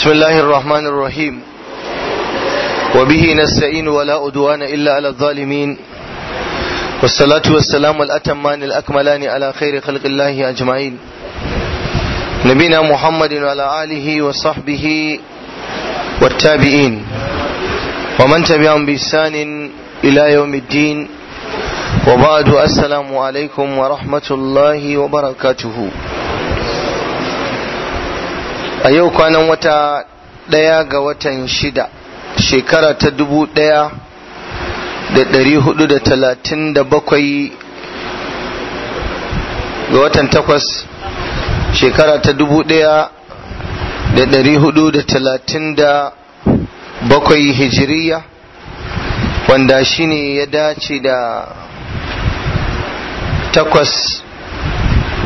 بسم الله الرحمن الرحيم وبه نستعين ولا أدوان إلا على الظالمين والصلاة والسلام الأتمان الأكملان على خير خلق الله أجمعين نبينا محمد وعلى آله وصحبه والتابعين ومن تبعهم بإحسان إلى يوم الدين وبعد السلام عليكم ورحمة الله وبركاته a yau kwanan wata ɗaya ga watan shida shekara ta dubu ɗaya da ɗari hudu da talatin da bakwai ga watan takwas shekara ta dubu ɗaya da ɗari hudu da talatin da bakwai hijiriya wanda shine ya dace da takwas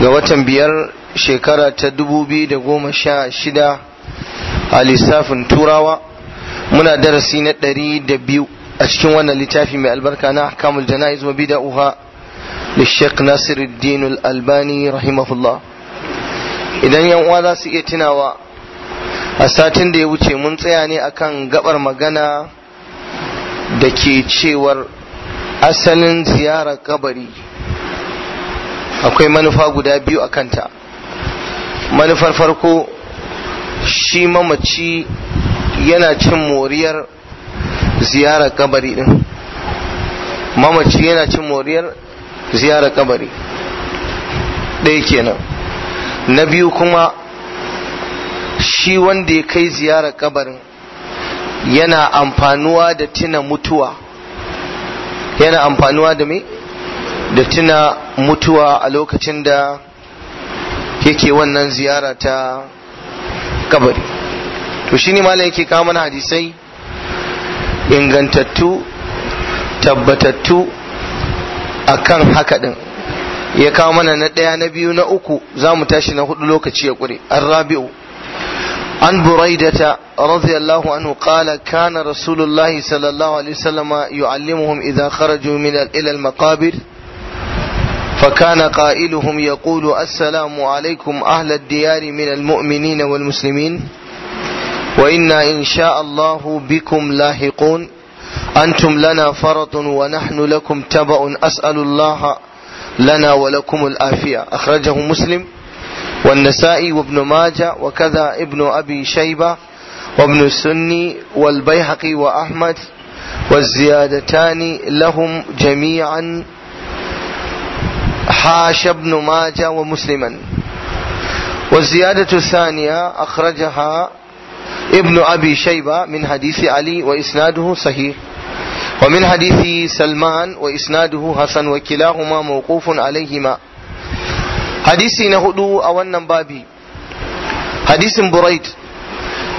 ga watan biyar shekara ta sha shida a lissafin turawa muna darasi na biyu a cikin wannan littafi mai albarka na kamul jana'iz wa biyu da da shek Nasiruddin albani rahimahullah idan yan uwa za su iya tunawa a satin da ya wuce mun tsaya ne akan gabar magana da ke cewar asalin ziyarar kabari akwai manufa guda biyu a kanta manufar farko shi mamaci yana cin moriyar ziyarar kabari din mamaci yana cin moriyar ziyarar kabari ɗaya kenan na biyu kuma shi wanda ya kai ziyarar kabarin yana amfanuwa da tuna mutuwa yana amfanuwa da me da tuna mutuwa a lokacin da yake wannan ziyara ta kabari to shi ne malam yake kawo mana hadisai ingantattu tabbatattu akan haka din ya kawo mana na ɗaya na biyu na uku za mu tashi na hudu lokaci ya ƙure an rabi'u an buraidata radiyallahu anhu qala kana rasulullahi sallallahu alaihi wasallama yu'allimuhum idha kharaju min ila makabir maqabir فكان قائلهم يقول السلام عليكم أهل الديار من المؤمنين والمسلمين وإنا إن شاء الله بكم لاحقون أنتم لنا فرط ونحن لكم تبع أسأل الله لنا ولكم الآفية أخرجه مسلم والنسائي وابن ماجة وكذا ابن أبي شيبة وابن السني والبيهقي وأحمد والزيادتان لهم جميعا حاش ابن ماجه ومسلما والزيادة الثانية أخرجها ابن أبي شيبة من حديث علي وإسناده صحيح ومن حديث سلمان وإسناده حسن وكلاهما موقوف عليهما حديثي نهدو أولا بابي حديث بريد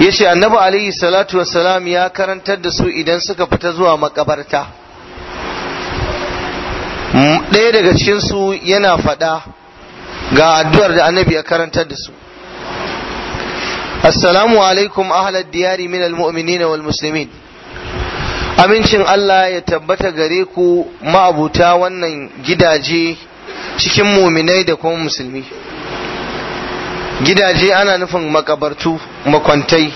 yace annabi alaihi salatu wassalam ya karantar da su idan suka fita zuwa makabarta ɗaya daga cikinsu yana faɗa ga addu'ar da annabi ya karantar da su assalamu alaikum ahlad diyari min wal muslimin amincin Allah ya tabbata gare ku ma'abuta wannan gidaje cikin muminai da kuma musulmi gidaje ana nufin makabartu makwantai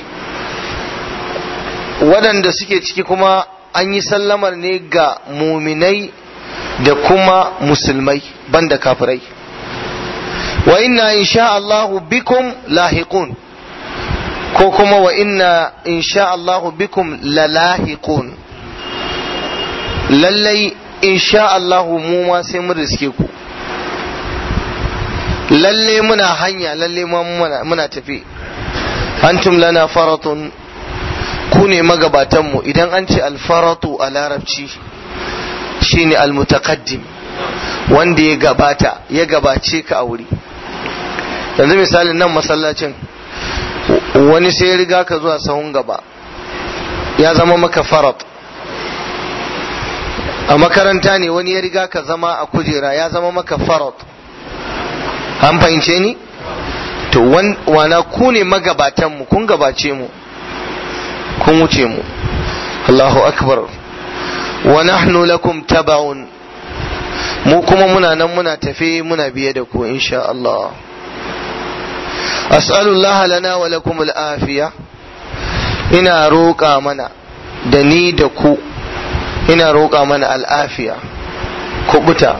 waɗanda suke ciki kuma an yi sallamar ne ga muminai da kuma musulmai banda kafirai wa inna insha Allahu bikum lahiqun ko kuma wa inna insha Allahu bikum lalahiqun lallai insha Allahu mu ma sai mun riske ku lalle muna hanya lalle muna tafi antum lana faratun ku ne magabatanmu idan an ce alfaratu a larabci shine almutakaddim wanda ya gabata ya gabace ka a wuri yanzu misalin nan masallacin wani sai ya riga ka zuwa sahun gaba ya zama maka farat a makaranta ne wani ya riga ka zama a kujera ya zama maka farat an fahimce ni to wana ku ne magabatanmu kun gabace mu kun wuce mu Allahu akbar wa nahnu lakum taba'un mu kuma muna nan muna tafe muna biye da ku insha Allah as'alullaha lana wa lakum al'afiya ina roƙa mana da ni da ku ina roƙa mana al'afiya kubuta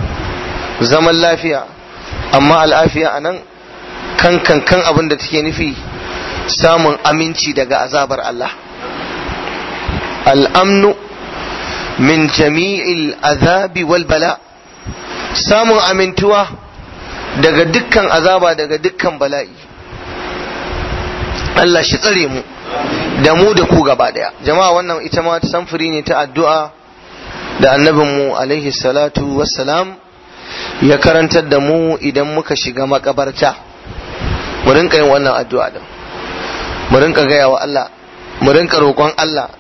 zaman lafiya amma al'afiya anan kan kan kan abin da take nufi samun aminci daga azabar Allah al'amnu min jami'il azabi wal bala samun amintuwa daga dukkan azaba daga dukkan bala'i Allah shi tsare mu da mu da ku gaba daya jama'a wannan ita ma samfuri ne ta addu'a da annabinmu alaihi salatu wassalam ya karantar da mu idan muka shiga makabarta mu rinka yin wannan addu'a din mu rinka gaya wa Allah mu rinka roƙon Allah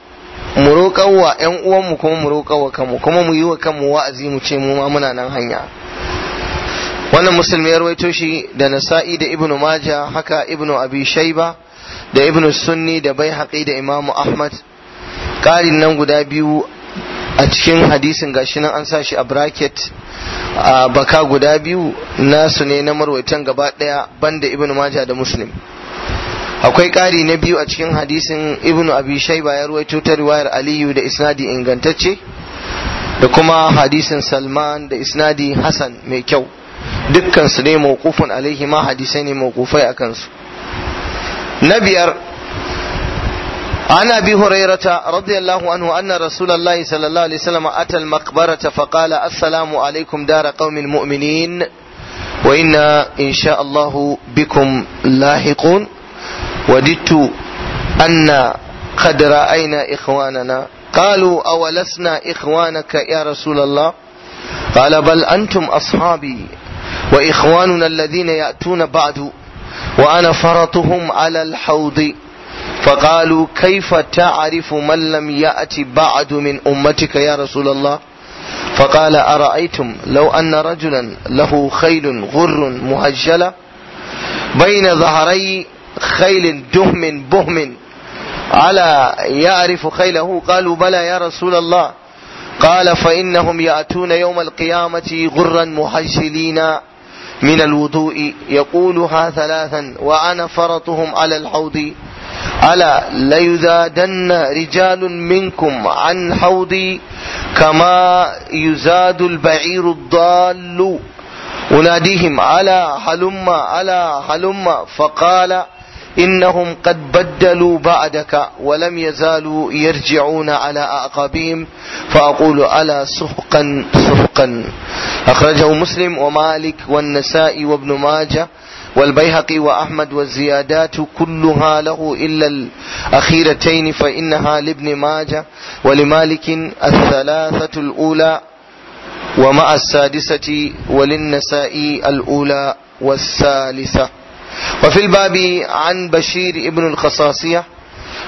mu roƙar wa ƴan uwanmu kuma mu roƙar wa kanmu kuma mu yi wa kanmu wa'azi mu ce mu ma muna nan hanya wannan musulmi ya rawaito shi da nasa'i da ibnu maja haka ibnu abi shaiba da ibnu sunni da bai haƙi da imamu ahmad ƙarin nan guda biyu a cikin hadisin gashi nan an sa shi a bracket a baka guda biyu nasu ne na marwaitan gaba ɗaya banda ibnu maja da muslim akwai ƙari na biyu a cikin hadisin ibn abi shaiba ya ruwaito ta riwayar aliyu da isnadi ingantacce da kuma hadisin salman da isnadi hasan mai kyau dukkan su ne mawqufun alaihi ma hadisai ne mawqufai akan su. na biyar an abi hurairata radiyallahu anhu anna rasulullahi sallallahu alaihi wasallam ata al-maqbarata faqala assalamu alaikum dara qaumin mu'minin wa inna insha Allah bikum lahiqun وددت أن قد رأينا إخواننا قالوا أولسنا إخوانك يا رسول الله قال بل أنتم أصحابي وإخواننا الذين يأتون بعد وأنا فرطهم على الحوض فقالوا كيف تعرف من لم يأت بعد من أمتك يا رسول الله فقال أرأيتم لو أن رجلا له خيل غر مهجلة بين ظهري خيل دهم بهم على يعرف خيله قالوا بلى يا رسول الله قال فإنهم يأتون يوم القيامة غرا محجلين من الوضوء يقولها ثلاثا وأنا فرطهم على الحوض ألا ليزادن رجال منكم عن حوضي كما يزاد البعير الضال أناديهم على هلم على هلم فقال إنهم قد بدلوا بعدك ولم يزالوا يرجعون على أعقابهم فأقول ألا سحقا سحقا أخرجه مسلم ومالك والنسائي وابن ماجه والبيهقي وأحمد والزيادات كلها له إلا الأخيرتين فإنها لابن ماجه ولمالك الثلاثة الأولى ومع السادسة وللنسائي الأولى والثالثة وفي الباب عن بشير ابن الخصاصية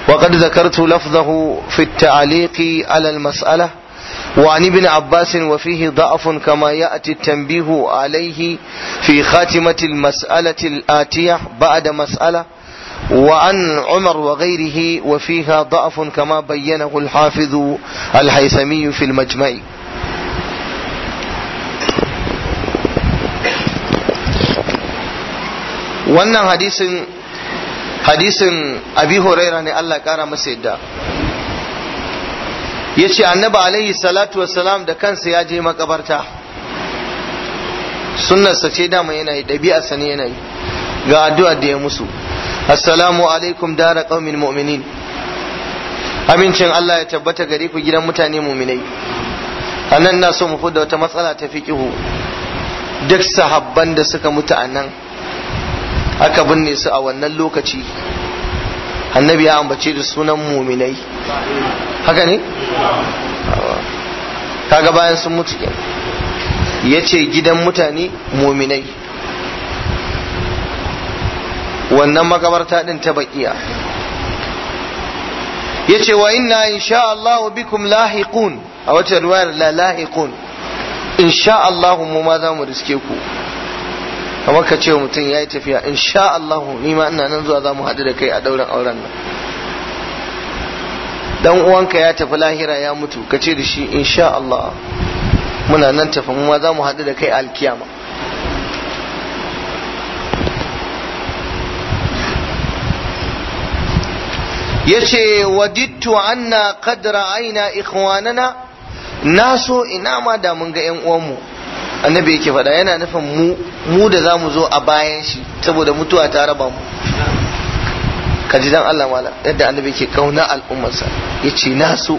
وقد ذكرت لفظه في التعليق على المسألة وعن ابن عباس وفيه ضعف كما يأتي التنبيه عليه في خاتمة المسألة الآتية بعد مسألة وعن عمر وغيره وفيها ضعف كما بينه الحافظ الحيثمي في المجمع wannan hadisin hadisin abi huraira ne Allah kara masa yadda ya ce annabi alaihi salatu wassalam da kansa ya je makabarta sunnarsa ce dama yana yi ɗabi'arsa ne yana ga addu'a da ya musu assalamu alaikum dara qaumin mu'minin amincin Allah ya tabbata gare ku gidan mutane muminai anan na so mu fudda wata matsala ta fi fiqihu duk sahabban da suka mutu a nan. aka binne su a wannan lokaci annabi ya ambace da sunan muminai haka ne kaga bayan sun mutu ya ce gidan mutane muminai wannan makabarta din ta bakiya ya ce wa inna insha Allah bikum lahiqun a wata ruwayar la lahiqun insha Allah mu ma za mu riske ku kamar ka ce wa mutum ya yi tafiya in sha Allah ni ma ina nan zuwa za mu haɗu da kai a ɗaurin auren nan dan uwanka ya tafi lahira ya mutu ka ce da shi in sha Allah muna nan tafi mu ma za mu haɗu da kai a alkiyama yace wadittu anna qad aina ikhwanana so ina ma da mun ga yan uwanmu annabi yake faɗa yana nufin mu mu da za mu zo a bayan shi saboda mutuwa ta raba mu ka ji dan Allah mala yadda annabi yake kauna al'ummarsa ya ce na so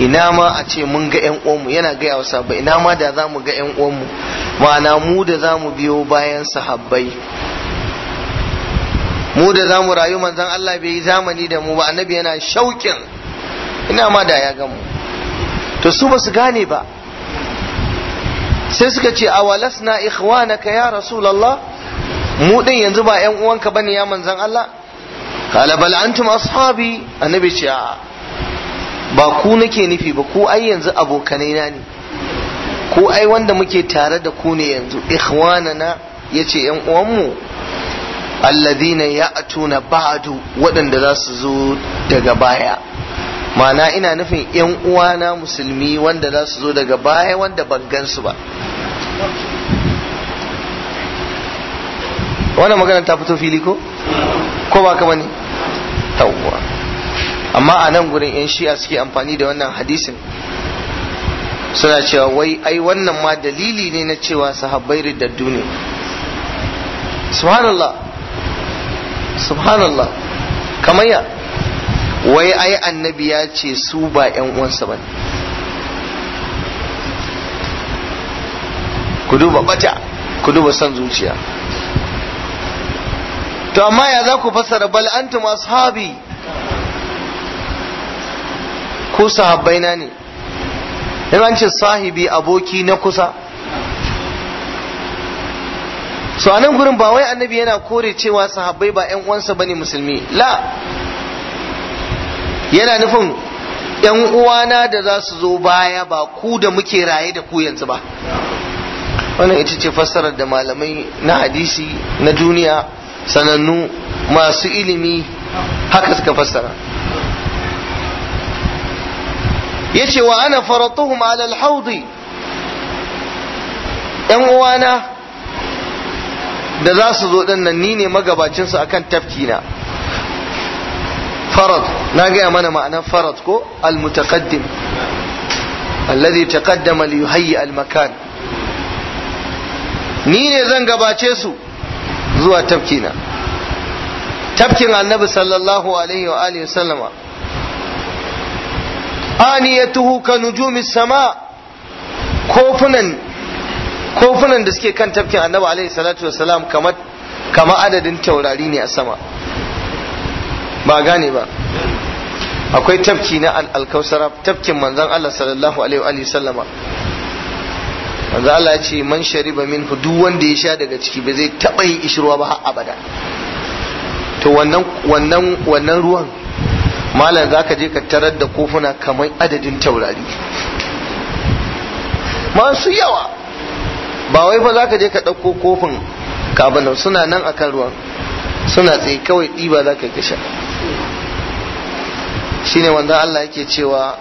ina ma a ce mun ga yan uwanmu yana gaya wa sahabbai ina ma da za mu ga yan uwanmu ma'ana mu da za mu biyo bayan sahabbai mu da za mu rayu manzon Allah bai yi zamani da mu ba annabi yana shauƙin ina ma da ya gamu to su ba su gane ba sai suka ce awalasna ikhwanaka ya rasulullah mu din yanzu ba yan uwanka bane ya manzon Allah qala bal antum ashabi annabi ce a ba ku nake nufi ba ku ai yanzu abokanai na ne ku ai wanda muke tare da ku ne yanzu ikhwanana yace yan uwanmu alladhina ya'tuna ba'du waɗanda za su zo daga baya ma'ana ina nufin yan uwana musulmi wanda za su zo daga baya wanda ban gansu ba wannan magana ta fito fili ko ko ba kama ne tawwa amma a nan gurin yan shi'a suke amfani da wannan hadisin suna cewa wai ai wannan ma dalili ne na cewa sahabbai riddaddu ne subhanallah subhanallah kamayya wai ai annabi ya ce su ba yan uwansa ba ku duba bata ku duba son zuciya to amma ya za ku fassara bal antum ashabi ku na ne in an ce sahibi aboki na kusa so a nan gurin ba wai annabi yana kore cewa sahabbai ba 'yan uwansa bane musulmi la yana nufin ‘yan uwana da za su zo baya ba ku da muke raye da ku yanzu ba wannan ita ce fassarar da malamai na hadisi na duniya sanannu masu ilimi haka suka fassara ya ce wa ana faratuhum alal haudi ‘yan uwana da za su zo ɗannan ni ne magabacinsu akan tafki na. farad na gaya mana ma'anar farad ko al-mutaqaddim alladhi taqaddama li yuhayyi al-makan ni ne zan gabace su zuwa tafkina tafkin annabi sallallahu alaihi wa alihi sallama aniyatuhu ka nujumis sama kofunan kofunan da suke kan tafkin annabi alaihi salatu wassalam kamar kama adadin taurari ne a sama ba gane ba akwai tafki na alkausara tafkin manzan Allah sallallahu alaihi wa sallama manzan Allah ya ce man shariba min duk wanda ya sha daga ciki ba zai taɓa yi ishirwa ba har abada to wannan wannan wannan ruwan malam zaka je ka tarar da kofuna kamar adadin taurari masu yawa ba wai fa zaka je ka ɗauko kofin kabana suna nan akan ruwan suna tsaye kawai ɗiba za ka Shi ne wanda Allah yake cewa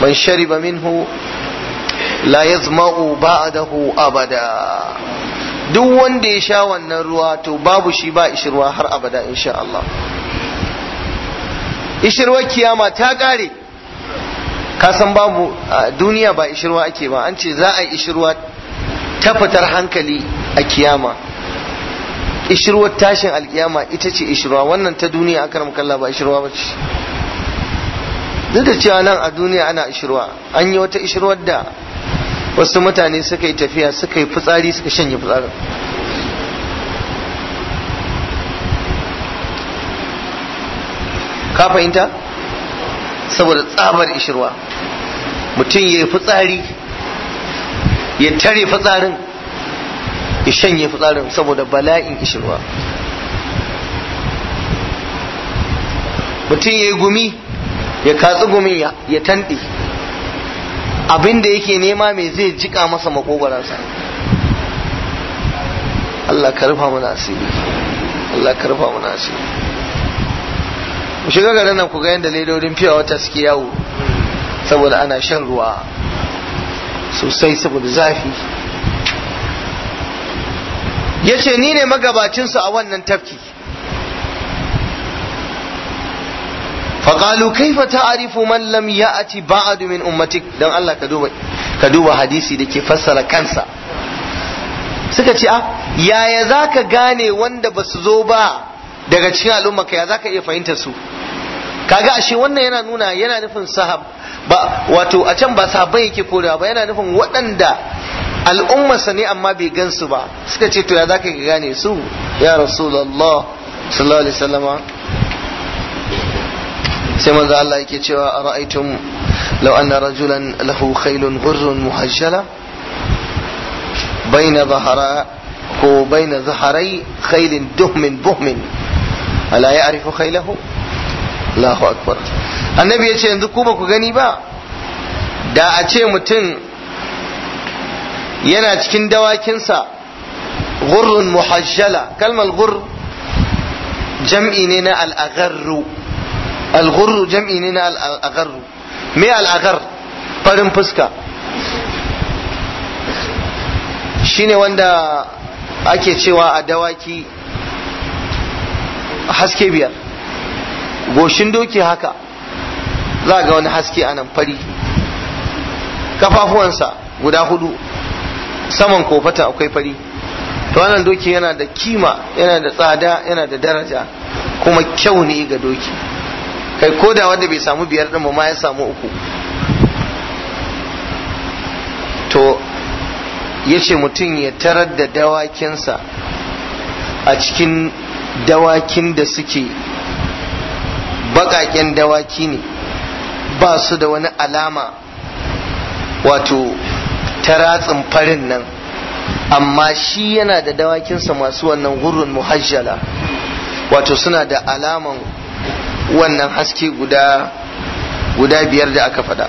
man shariba minhu la yazma'u ba'adahu abada duk wanda ya sha wannan ruwa to babu shi ba ishirwa har abada insha Allah ishirwa kiyama ta kare ka san babu duniya ba ishirwa ake ba an ce za a yi ishirwa ta fitar hankali a kiyama ishirwar tashin alkiyama ita ce ishirwa wannan ta duniya aka kalla ba ishirwa ba ce duk da cewa nan a duniya ana ishirwa an yi wata ishirwar da wasu mutane suka yi tafiya suka yi fitsari suka shanye fitsarin ka fahimta saboda tsabar ishirwa mutum ya yi fitsari ya tare fitsarin ya shanye fitsarin saboda bala'in kishirwa mutum ya yi gumi ya katsi gumin ya tanɗe abinda yake nema mai zai jika masa makogwaransa Allah ka rufa mana asiri Allah ka rufa mana asiri mu shiga garin nan ku ga yadda ledodin fiya wata suke yawo saboda ana shan ruwa sosai saboda zafi ya ce ni ne magabacinsu a wannan tafki faƙalu kaifa ta'arifu man lam ya'ati ba'adu min ummatik don Allah ka duba hadisi da ke fassara kansa suka ce a ah, yaya za ka gane wanda ba su zo ba daga cikin al'umma ka ya za ka iya fahimtar su kaga ashe wannan yana nuna yana nufin sahab ba wato a can ba sahabban yake koda ba yana nufin waɗanda al'ummarsa ne amma bai gansu ba suka ce to ya za ka gane su ya rasulullah sallallahu alaihi wasallama sai manzo Allah yake cewa ara'aytum law anna rajulan lahu khaylun ghurrun muhajjala baina ko baina khaylin duhmin buhmin ala ya'rifu khaylahu Allahu akbar annabi yace yanzu ku ba ku gani ba da a ce mutum yana cikin dawakinsa gurrun muhajjala kalmar gur jam'i ne na al'agarru al'gurru jam'i ne na al'agarru me al'agar farin fuska shine wanda ake cewa a dawaki haske biyar goshin doki haka za ga wani haske a nan fari kafafuwansa guda hudu saman kofata akwai fari to wannan doki yana da kima yana da tsada yana da daraja kuma kyau ne ga doki kai koda wanda bai samu biyar din ma ya samu uku to yace mutum ya tarar da dawakinsa a cikin dawakin da suke baƙaƙen dawaki ne ba su da wani alama wato ta ratsin farin nan amma shi yana da dawakinsa masu wannan gurin muhajjala wato suna da alaman wannan haske guda guda biyar da aka faɗa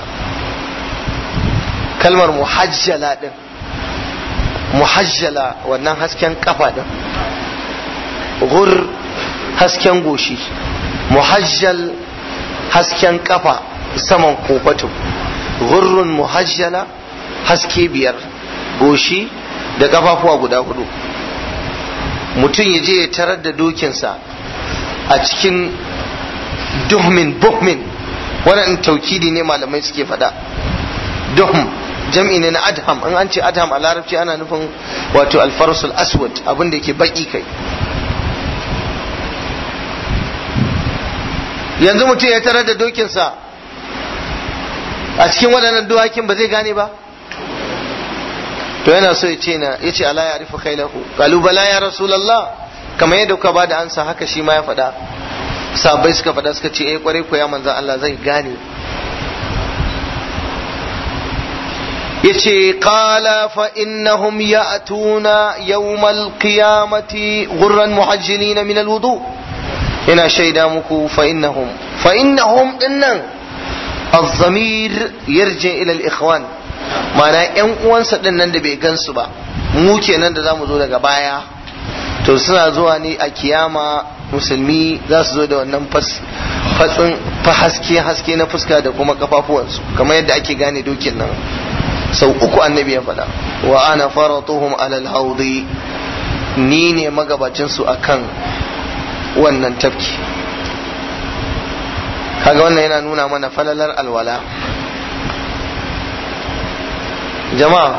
kalmar muhajjala din. muhajjala wannan hasken kafa din gur hasken goshi muhajjal hasken kafa saman kofatu gurrun muhajjala haske biyar goshi da kafafuwa guda hudu mutum ya je ya tarar da dokinsa a cikin duhmin buhmin wannan taukidi ne malamai suke faɗa duhm jam'i ne na adham in an ce adham a larabci ana nufin wato alfarsul aswad abinda ke baki kai yanzu mutum ya tarar da dokinsa a cikin waɗannan duwakin ba zai gane ba to yana so ya ce na ya ce ala ya arifu khailahu qalu bala ya rasulullah kamar yadda kuka da ansa haka shi ma ya faɗa sabai suka faɗa suka ce eh kwarai ko ya manzan Allah zai gane yace kala fa innahum ya'tuna yawmal qiyamati ghurran na minal alwudu ina shaida muku fa innahum fa innahum dinnan الضمير يرجع إلى الإخوان mana yan uwansa din nan da bai gansu ba mu kenan da zamu zo daga baya to suna zuwa ne a kiyama musulmi za su zo da wannan fatsun haske haske na fuska da kuma kafafuwansu kamar yadda ake gane dokin nan sau uku annabi ya faɗa wa ana faratuhum alal haudi ni ne magabacin su akan wannan tafki kaga wannan yana nuna mana falalar alwala jama'a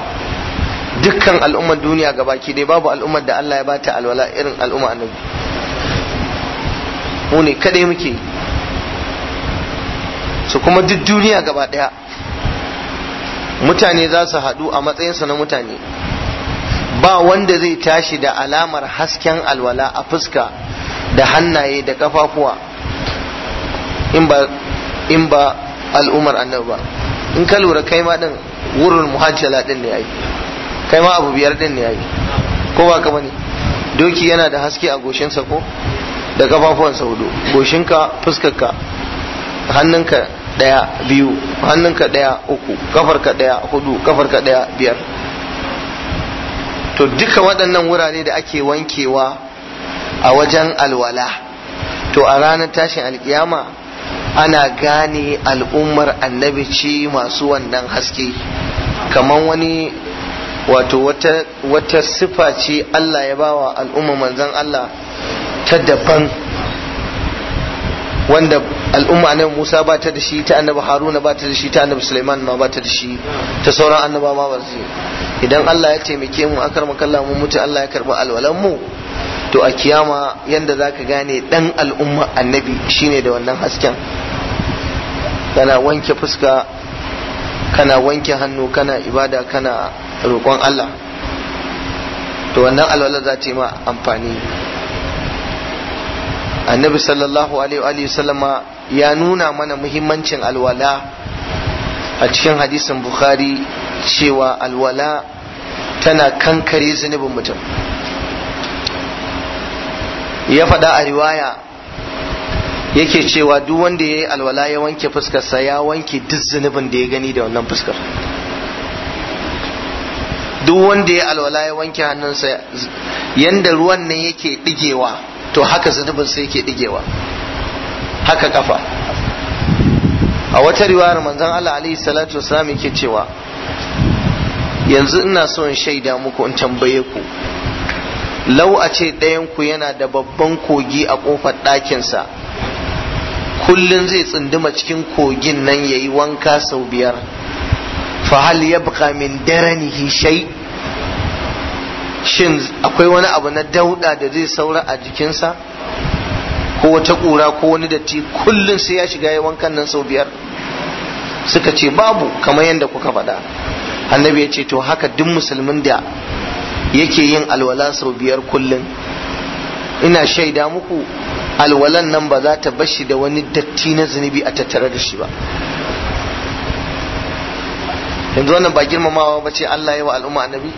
dukkan al'ummar duniya gabaki dai babu al'ummar da Allah ya bata alwala irin al'umma annabi mu ne kadai muke su kuma duk duniya gaba daya mutane za su haɗu a matsayinsu na mutane ba wanda zai tashi da alamar hasken alwala a fuska da hannaye da kafafuwa in ba al'ummar annabi ba in ka lura kai ma din wurin muhajjala din ne yayi kai ma abu biyar din ne yayi ko ba ka bane doki yana da haske a goshinsa ko da sa hudu ka. Hannun hannunka daya biyu hannunka daya uku Kafar ka daya hudu Kafar ka daya biyar to duka waɗannan wurare da ake wankewa a wajen alwala to a ranar tashin alkiyama ana gane al'ummar annabi ce masu wannan haske kamar wani wato wata, wata sifa ce Allah ya bawa al'umma manzan Allah ta daban wanda al'umma annabi Musa ba ta da shi ta annabi Haruna ba ta da shi ta annabi Sulaiman ma ba ta da shi ta sauran annaba ma ba idan Allah ya taimake mu akar kalla mu mutu Allah ya karba alwalan mu to a kiyama yanda za ka gane dan al'umma annabi shine da wannan hasken kana wanke fuska kana wanke hannu kana ibada kana roƙon Allah to wannan alwala za ta yi ma amfani annabi sallallahu alaihi sallama ya nuna mana muhimmancin alwala a cikin hadisin bukhari cewa alwala tana kankare zunubin mutum ya faɗa a riwaya yake cewa duk wanda ya yi alwala ya wanke fuskarsa ya wanke duk zunubin da ya gani da wannan fuskar duk wanda ya alwala ya wanke hannunsa yanda ruwan nan yake digewa to haka zunubinsa yake digewa haka kafa a wata riwayar manzon Allah alaihi salatu wasallam yake cewa yanzu ina so in shaida muku in tambaye ku lau a ce ku yana da babban kogi a ƙofar ɗakinsa kullum zai tsunduma cikin kogin nan ya yi wanka sau biyar fahal ya buka min daranihi shai shin akwai wani abu na dauda da zai saura a jikinsa ko wata ƙura ko wani datti kullum sai ya shiga ya wankan nan sau biyar suka ce babu kamar yadda kuka faɗa annabi ya ce to haka duk musulmin da yake yin alwala sau biyar kullum ina shaida muku alwalan nan ba za ta bashi da wani datti na zunubi a tattare da shi ba yanzu wannan ba girmamawa ba ce Allah yawa wa al'umma annabi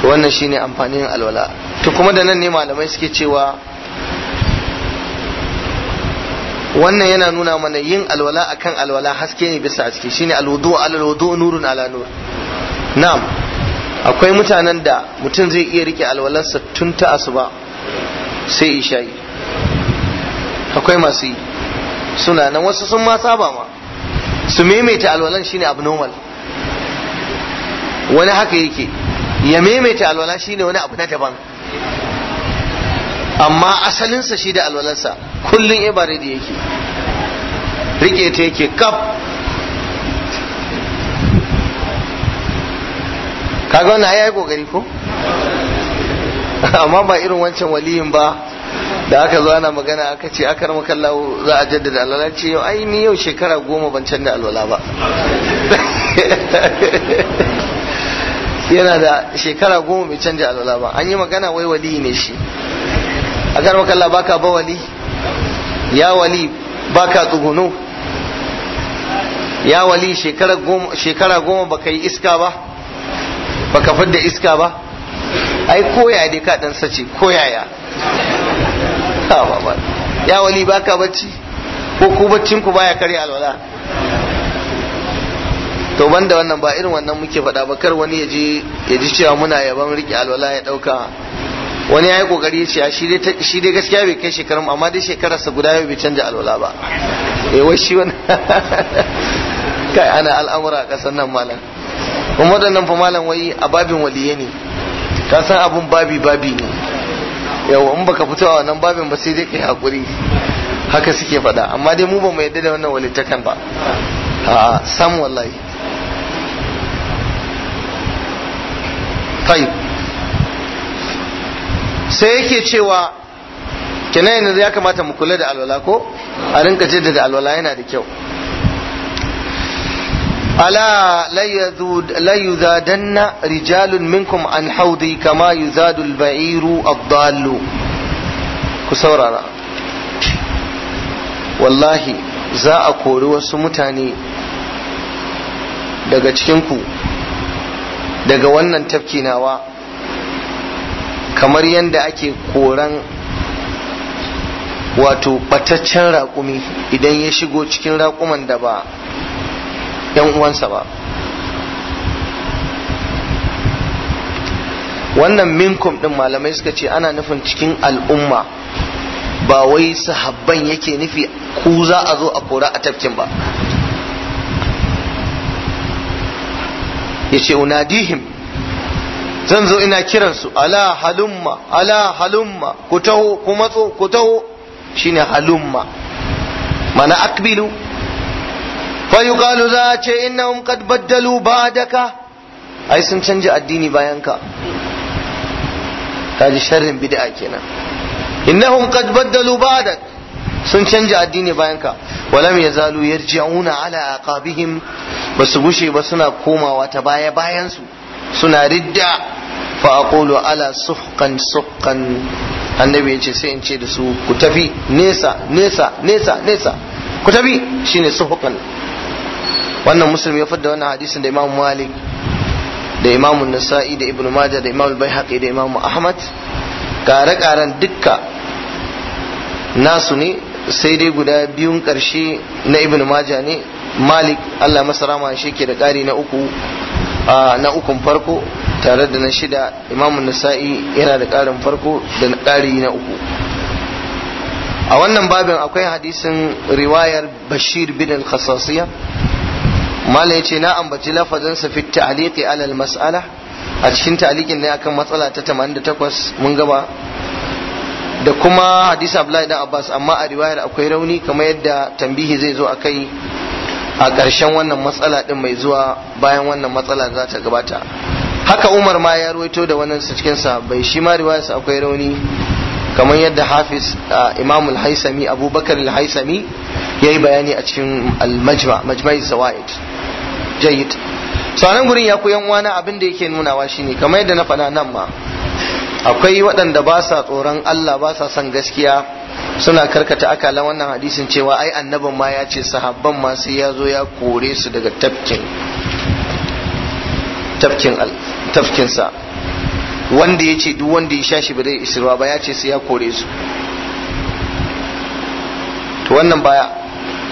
to wannan shine amfanin alwala to kuma da nan ne malamai suke cewa wannan yana nuna mana yin alwala akan alwala haske ne bisa haske shine alwudu ala alwudu nurun ala nur na'am akwai mutanen da mutum zai iya rike alwalarsa tun ta asuba sai isha'i akwai masu yi suna nan wasu sun ma saba ma su maimaita alwalan shine abnormal wani haka yake ya maimaita alwala shine wani abu na daban amma asalinsa shi da alwalarsa kullum ibare da yake rike ta yake kaf kaga wannan ya yi kokari ko amma ba irin wancan waliyin ba da aka zo ana magana aka ce aka rama kallawo za a jaddada alwala ce yau ai ni yau shekara goma ban canza alwala ba yana da shekara goma bai canza alwala ba an yi magana wai wali ne shi a karmar kalla baka ba wali ya wali baka tsuguno ya wali shekara goma baka yi iska ba baka fadda iska ba ai koya dai ka dan sace koyaya ya wali baka bacci ko ku baccin ku baya kare alwala to banda wannan ba irin wannan muke faɗa ba kar wani ya ji cewa muna yaban riƙe alwala ya ɗauka wani ya yi ƙoƙari ya ce shi dai gaskiya bai kai shekarun amma dai shekararsa guda yau bai canja alwala ba eh wai shi wani kai ana al'amura a ƙasar nan malam kuma waɗannan fa malam wai a babin waliye ne ka san abun babi babi ne yawa in baka fito a wannan babin ba sai dai kai hakuri haka suke faɗa amma dai mu ba mu yadda da wannan walittakan ba a sam wallahi tayyib sai yake cewa kenan yanzu ya kamata mu kula da alwala ko a rinka jaddada alwala yana da kyau ألا لا يزادن رجال منكم عن حوضي كما يزاد البعير الضال كسورة والله za a kori wasu mutane daga cikinku daga wannan tafki nawa kamar yadda ake koran wato bataccen raƙumi idan ya shigo cikin raƙuman da ba 'yan uwansa ba wannan minkum din malamai suka ce ana nufin cikin al'umma ba wai sahabban yake nufi ku za a zo a kora a tafkin ba ya ce unadihim zan zo ina kiransu ala halumma ala halumma ku taho ku matso ku taho shine halumma mana akbilu fa yuqalu za a ce innahum qad baddalu ba'daka ai sun canja addini bayan ka kaji sharrin bid'a kenan innahum qad baddalu ba'dak sun canja addini bayan ka walam yazalu yarji'una ala aqabihim su gushe ba suna komawa ta baya bayan su suna ridda fa aqulu ala suhqan suhqan annabi yace sai in ce da su ku tafi nesa nesa nesa nesa ku tafi shine suhqan wannan musulmi ya fadda wannan hadisin da imam malik da imam nasa'i da ibn majah da imam al da imam ahmad kare karen dukka nasu ne sai dai guda biyun ƙarshe na ibn majah ne malik allah masa rama shi ke da kari na uku na ukun farko tare da na shida imamun nasa'i yana da ƙarin farko da ƙari na uku a wannan babin akwai hadisin riwayar bashir bin al ya ce na ambaci lafazin sa fit ta'liqi alal mas'ala a cikin ta'liqin ne akan matsala ta 88 mun gaba da kuma hadisi Abdullahi dan Abbas amma a riwayar akwai rauni kamar yadda tambihi zai zo a kai. a ƙarshen wannan matsala din mai zuwa bayan wannan matsala za ta gabata haka Umar ma ya ruwaito da wannan cikin sa bai shi ma su akwai rauni kamar yadda hafiz imam al-haisami abubakar al-haisami ya yi bayani a cikin al-majma majma'i zawaid jayyid so anan gurin ya koyan wani abin da yake nunawa shine kamar yadda na faɗa nan ma akwai waɗanda ba sa tsoron Allah ba sa son gaskiya suna karkata akalan wannan hadisin cewa ai annabin ma ya ce sahabban ma sai ya zo ya kore su daga tafkin tafkin tafkinsa wanda ya ce duk wanda ya sha shi ba zai isirwa ba ya ce sai ya kore su to wannan baya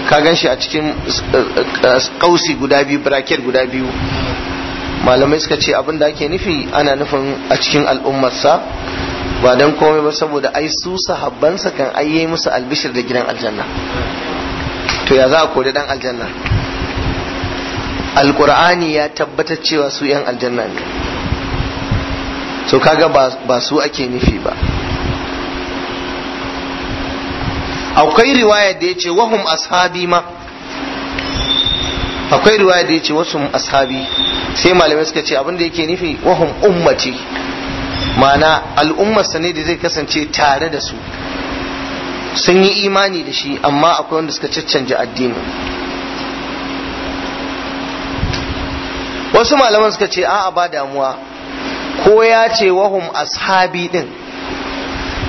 ka gan shi a cikin eh, eh, kausi guda biyu bracket guda biyu malamai suka ce abin da ake nufi ana nufin a cikin al'ummarsa ba don komai ba saboda ai su sahabbansa kan ai musu albishir da gidan aljanna to ya za a kore dan aljanna alkur'ani ya tabbatar cewa su yan aljanna ne so kaga ba su ake nufi ba akwai riwaya da ya ce wahum ashabi ma akwai riwaya da ya ce wasu ashabi sai malamai suka ce abinda yake nufi wahum ummati mana al'ummarsa ne da zai kasance tare da su sun yi imani da shi amma akwai wanda suka caccanja addini wasu malaman suka ce a'a ba damuwa ko ya ce wahum ashabi din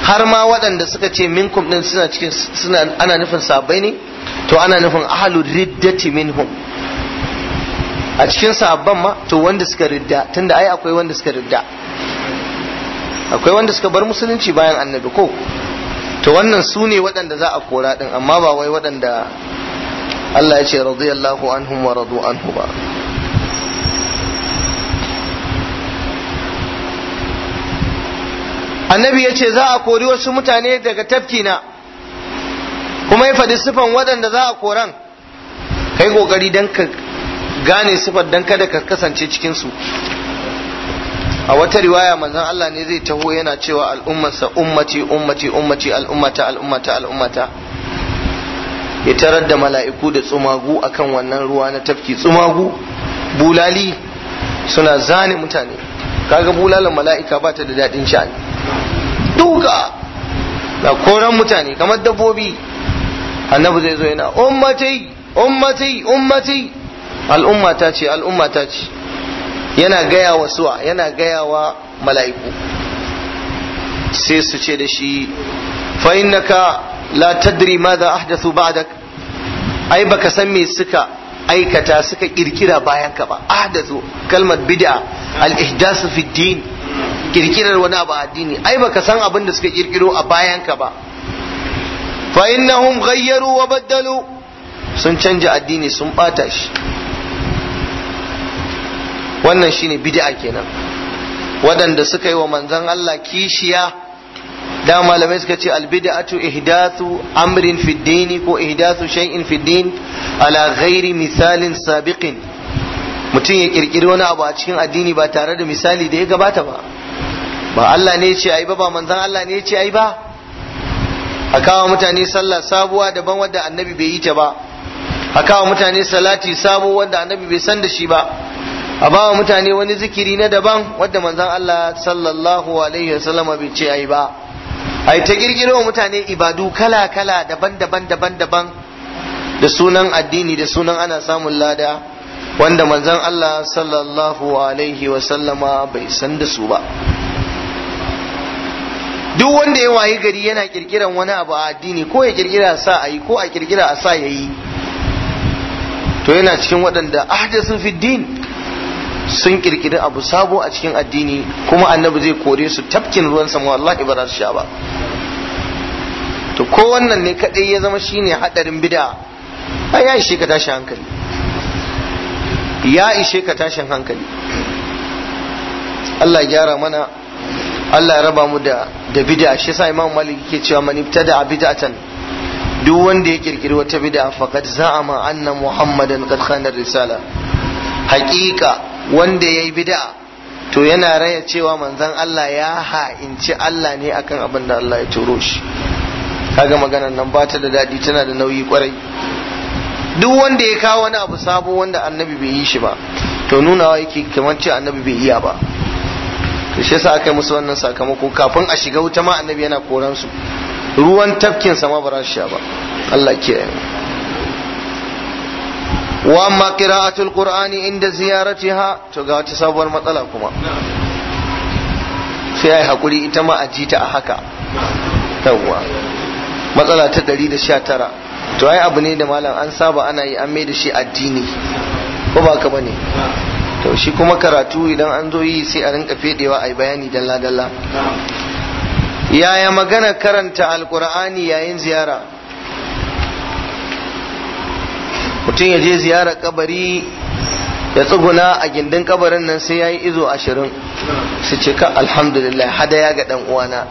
har ma waɗanda suka ce minkum din suna cikin suna ana nufin sabai ne to ana nufin ahlul riddati minhum a cikin sabban ma to wanda suka ridda tunda ai akwai wanda suka ridda akwai wanda suka bar musulunci bayan annabi ko to wannan su ne waɗanda za a kora din amma ba wai waɗanda Allah ya ce radiyallahu anhum wa radu anhu ba annabi ya ce za a kori wasu mutane daga tafkina kuma ya faɗi sifan waɗanda za a koran kai ƙoƙari don ka gane sifar don kada ka kasance cikinsu a wata riwaya manzon Allah ne zai taho yana cewa al'ummarsa ummati ummati ummati al'ummata al'ummata al'ummata ya tarar da mala'iku da tsumagu akan wannan ruwa na tafki tsumagu bulali suna zane mutane kaga bulalan mala'ika ba ta da daɗin sha'ani duka Da koran mutane kamar dabbobi annabi zai zo yana ummati ummati ummati al'umma ta ce al'umma ta ce yana gaya wa suwa yana gaya wa mala'iku sai su ce da shi fa innaka la tadri madha ahdathu ba'dak ai baka san me suka aikata suka kirkira bayan ka ba ahdathu kalmar bid'a al ihdath fi din kirkirar wani abu addini ai baka san abin da suka kirkiro a bayan ka ba fa innahum ghayyaru wa baddalu sun canja addini sun bata shi wannan shine bid'a kenan waɗanda suka yi wa manzon Allah kishiya da malamai suka ce albid'atu ihdathu amrin fi dini ko ihdathu shay'in fi din ala ghairi misalin sabiqin mutum ya kirkiri wani abu a cikin addini ba tare da misali da ya gabata ba ba Allah ne ce ai ba ba manzon Allah ne ce ai ba a kawo mutane sallah sabuwa daban wadda annabi bai yi ta ba a kawo mutane salati sabo wanda annabi bai san da shi ba a ba wa mutane wani zikiri na daban wadda manzon Allah sallallahu alaihi wasallam bai ce ai ba ai ta girgiro wa mutane ibadu kala kala daban daban daban daban da sunan addini da sunan ana samun lada wanda manzon Allah sallallahu alaihi wasallama bai san da su ba duk wanda ya wayi gari yana kirkiran wani abu a addini ko ya kirkira sa a yi ko a kirkira a sa ya yi to yana cikin waɗanda ahdasun fi din sun kirkiri abu sabo a cikin addini kuma annabi zai kore su tafkin ruwan sa wallahi ba za su sha ba to ko wannan ne kadai ya zama shine hadarin bid'a ai ya ishe ka tashi hankali ya ishe ka tashin hankali Allah ya gyara mana Allah ya raba mu da da bid'a shi yasa Imam Malik yake cewa man ibtada bid'atan duk wanda ya kirkiri wata bid'a faqad za'ama anna Muhammadan qad khana risala haqiqa wanda yayi bid'a to yana raya cewa manzon Allah ya ha'inci Allah ne akan abin da Allah ya turo shi kaga maganar nan ba ta da dadi tana da nauyi kwarai duk wanda ya kawo wani abu sabo wanda annabi bai yi shi ba to nunawa yake kamar cewa annabi bai iya ba to shi yasa aka yi musu wannan sakamako kafin a shiga wuta ma annabi yana koran su ruwan tafkin sama ba za ba Allah yi wa amma qira'atul qur'ani inda ziyaratiha to ga wata sabuwar matsala kuma sai ai hakuri ita ma a ji ta a haka tawwa matsala ta 119 to ai abu ne da malam an saba ana yi an mai da shi addini ko ba ka bane to shi kuma karatu idan an zo yi sai a rinka fedewa a yi bayani dalla dalla yaya magana karanta alkur'ani yayin ziyara mutum ya je ziyara kabari ya tsuguna a gindin kabarin nan sai ya yi izo ashirin su ce ka alhamdulillah hadaya ga dan uwana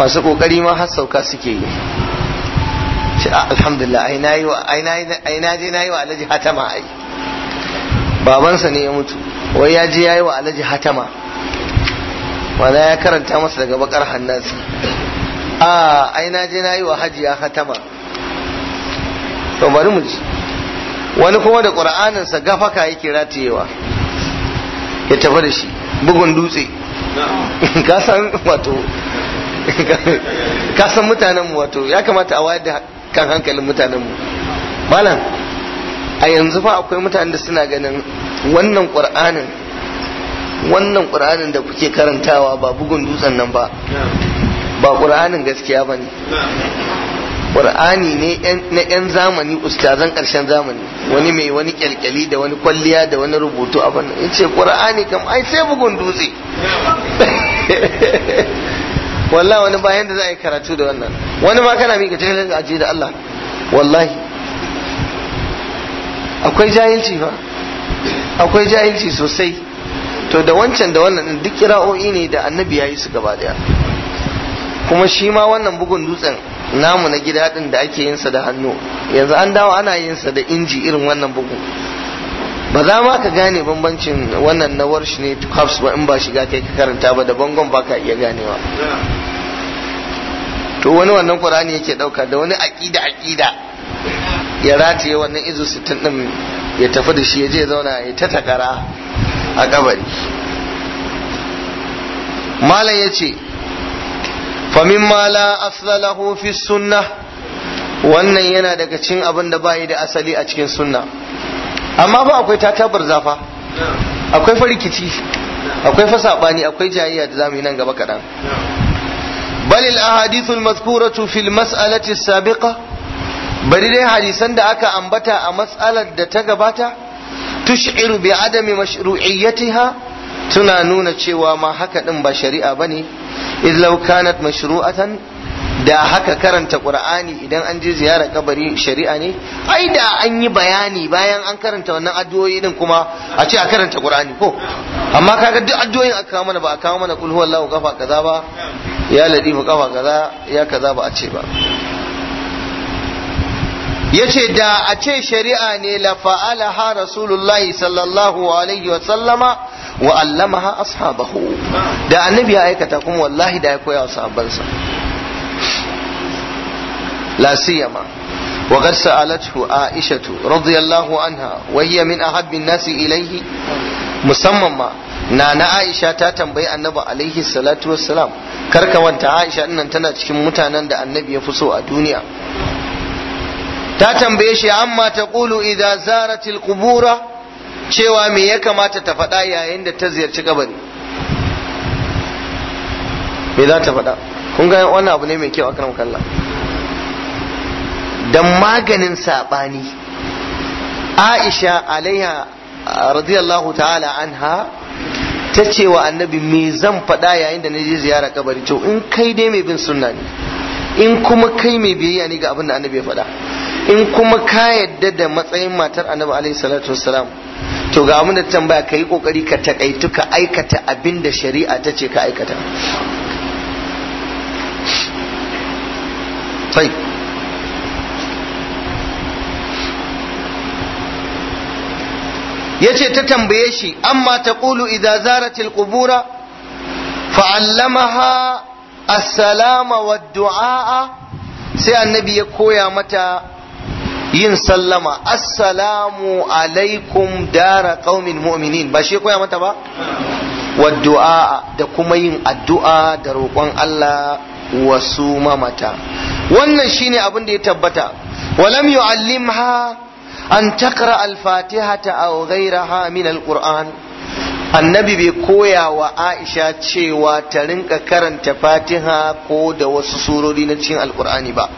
masu kokari ma har sauka suke yi ce alhamdulillah ai na je na yi wa alhaji hatama ai babansa ne ya mutu wai ya je yayi wa alhaji hatama wala ya karanta masa daga bakar hannasi a ai na je nayi wa haji ya hatama to bari mu ji wani kuma da ƙur'aninsa gafaka yake ratayewa ya tafi da shi bugun dutse ka san wato ka san mutanenmu wato ya kamata a wayar da kan hankalin mutanenmu malam a yanzu fa akwai mutanen da suna ganin wannan ƙur'anin wannan qur'anin da kuke karantawa ba bugun dutsen nan ba ba ƙur'anin gaskiya bane Ƙur'ani ne na yan zamani ustazan karshen zamani wani mai wani kyalkyali da wani kwalliya da wani rubutu a In ce ƙur'ani kam ai sai bugun dutse wallahi wani bayan da za a yi karatu da wannan wani ma kana mika cikin ajiye da Allah wallahi akwai jahilci ba akwai jahilci sosai to da wancan da wannan duk kira'o'i ne da annabi ya yi su gaba daya kuma shi ma wannan bugun dutsen namu na gida din da ake yin sa da hannu yanzu an dawo ana yin sa da inji irin wannan bugun ba za ma ka gane bambancin wannan na warsh ne cups ba in ba shiga kai ka karanta ba da bangon baka iya ganewa to wani wannan qur'ani yake dauka da wani aqida aqida ya rataye wannan izu sittin din ya tafi da shi ya je zauna ya ta takara a kabari malam ya ce famin mala asalahu fi sunna wannan yana daga cin abin da bayi da asali a cikin sunna amma ba akwai tatabar zafa akwai farkici akwai fasabani akwai jayayya da zamu yi nan gaba kaɗan Balil al ahadithul mazkuratu fil mas'alati sabiqah bari dai hadisan da aka ambata a matsalar da ta gabata tushiru bi adami mashru'iyyatiha tuna nuna cewa ma haka din ba shari'a bane illau kanat mashru'atan da haka karanta qur'ani idan an je ziyara kabari shari'a ne ai da an yi bayani bayan an karanta wannan addu'o'i din kuma a ce a karanta qur'ani ko amma kaga duk addu'o'in aka kawo mana ba a kawo mana kul huwallahu kafa kaza ba ya ladifu kafa kaza ya kaza ba a ce ba yace da a ce shari'a ne la fa'alaha rasulullahi sallallahu alaihi wa sallama wa allamaha ashabahu da annabi ya aikata kuma wallahi da ya koya wa sahabbansa la siyama وقد سألته عائشة رضي الله عنها وهي من أحب الناس إليه مسمما نانا عائشة تتنبي النبي عليه الصلاة والسلام كركا wanta Aisha أن tana cikin mutanen da annabi ya fi so a duniya ta tambaye shi amma ta ƙulu idan zaratil ƙubura cewa me ya kamata ta faɗa yayin da ta ziyarci kabari me za ta faɗa kun ga wannan abu ne mai kyau akan kallah dan maganin saɓani Aisha alaiha radiyallahu ta'ala anha ta ce annabi me zan faɗa yayin da na je ziyara kabari to in kai dai mai bin sunna ne in kuma kai mai biyayya ne ga abin da annabi ya faɗa in kuma ka yadda da matsayin matar annabi alaihi salatu wassalam to ga abin da tambaya ka yi kokari ka takaitu ka aikata abin da shari'a ta ce ka aikata yace ta tambaye shi amma ta idza zaratil qubura fa'allamaha Asalama wa du'a sai annabi ya koya mata yin sallama assalamu alaikum dara qaumin mu'minin ba shi koya mata ba wa du'a da kuma yin addu'a da roƙon Allah wasu mamata wannan shine abin da ya tabbata walam yu'allimha an taqra al-fatihata aw ghayraha min al-qur'an annabi bai koya wa aisha cewa ta rinka karanta fatiha ko da wasu surori na cikin alkur'ani ba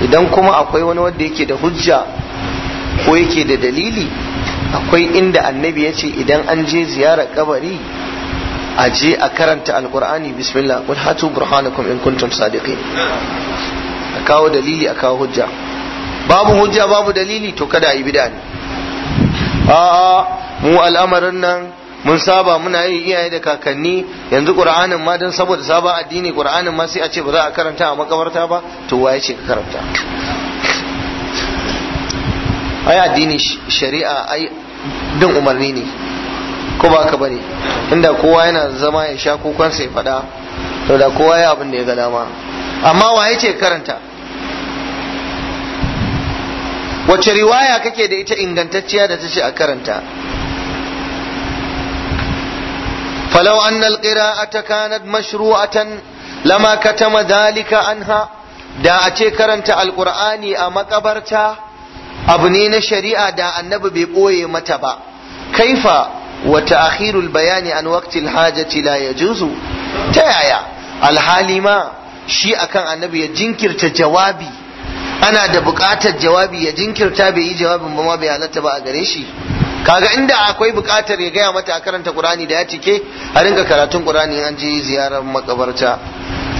idan kuma akwai wani wanda yake da hujja ko yake da dalili akwai inda annabi ya ce idan an je ziyarar kabari a je a karanta alkur'ani bismillah kun hatu burhanakum in kuntum sadiqin a kawo dalili a kawo hujja babu hujja babu dalili to kada a yi bid'a ne mu al'amarin nan mun saba muna yi iyaye da kakanni yanzu qur'anin ma dan saboda saba addini qur'anin ma sai a ce ba za a karanta a makabarta ba to waye ce ka karanta ai addini shari'a ai din umarni ne ko ba ka bane inda kowa yana zama ya sha kukan sai faɗa to da kowa ya abin da ya ga dama amma waye ce karanta wacce riwaya kake da ita ingantacciya da ta ce a karanta فلو أن القراءة كانت مشروعة لما كتم ذلك عنها da a ce karanta alkur'ani a makabarta abu ne na shari'a da annabi bai ɓoye mata ba kaifa wa ta'khirul bayani an waqtil hajati ya yajuzu ta yaya alhali ma shi akan annabi ya jinkirta jawabi ana da buƙatar jawabi ya jinkirta bai yi jawabin ba ma bai ba a gare shi kaga inda akwai bukatar ya gaya mata karanta qur'ani da ya cike a dinga karatu qur'ani an ji ziyarar makabarta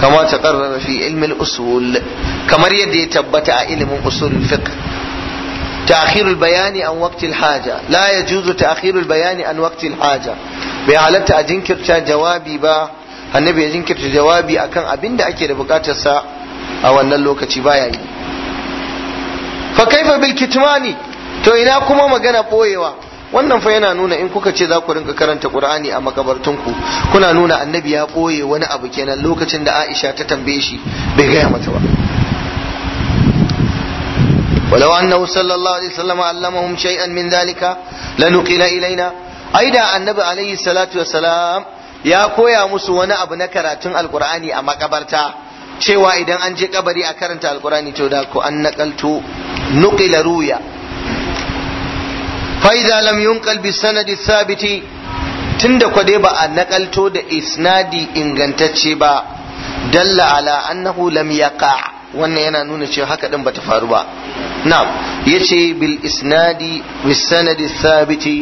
kama ta qarrara fi usul kamar yadda ya tabbata a ilmin usul fiqh ta'khir al-bayan an waqti al-haja la yajuzu ta'khir al-bayan an waqti al-haja bi halatta ajinkirta jawabi ba annabi ya jinkirta jawabi akan abinda ake da bukatar sa a wannan lokaci ba yayi fa kaifa bil kitmani to ina kuma magana boyewa wannan fa yana nuna in kuka ce za ku rinka karanta qur'ani a makabartunku kuna nuna annabi ya boye wani abu kenan lokacin da aisha ta tambaye shi bai gaya mata ba ولو أنه صلى الله عليه وسلم علمهم شيئا من ذلك لنقل إلينا أيضا النبي عليه الصلاة ya koya musu wani abu na karatun alkur'ani a makabarta cewa idan an je kabari a karanta alkur'ani to da ku an naƙalto ruya fa'iza lam yunqal bi sanadi sabiti tunda kwade ba a nakalto da isnadi ingantacce ba dalla ala annahu lam yaqa wannan yana nuna cewa haka din ta faru ba na'am yace bil isnadi bis sanadi sabiti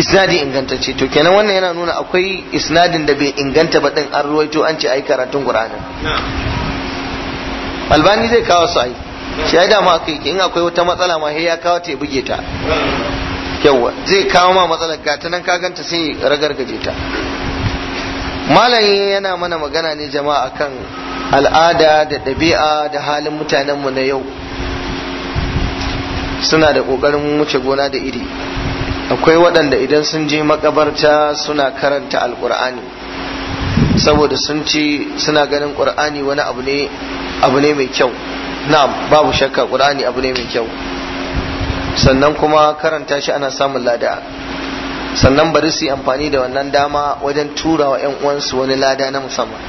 isnadi ingantacce to kenan wannan yana nuna akwai isnadin da bai inganta ba din an ruwaito an ce ai karatun qur'ani albani zai kawo su ai shi ai ma akai in akwai wata matsala ma sai ya kawo ta ya buge ta yawa zai kawo ma matsalar gata nan ka ganta sai ragargaje ta malami yana mana magana ne jama'a akan al'ada da ɗabi'a da halin mutanenmu na yau suna da ƙoƙarin wuce gona da iri akwai waɗanda idan sun je makabarta suna karanta alƙur'ani saboda sun ci suna ganin ƙur'ani wani abu ne mai kyau na babu shakka ƙur'ani abu ne mai kyau sannan kuma karanta shi ana samun lada sannan bari su yi amfani da wannan dama wajen tura wa 'yan uwansu wani lada na musamman